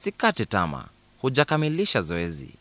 Sikate tama hujakamilisha zoezi.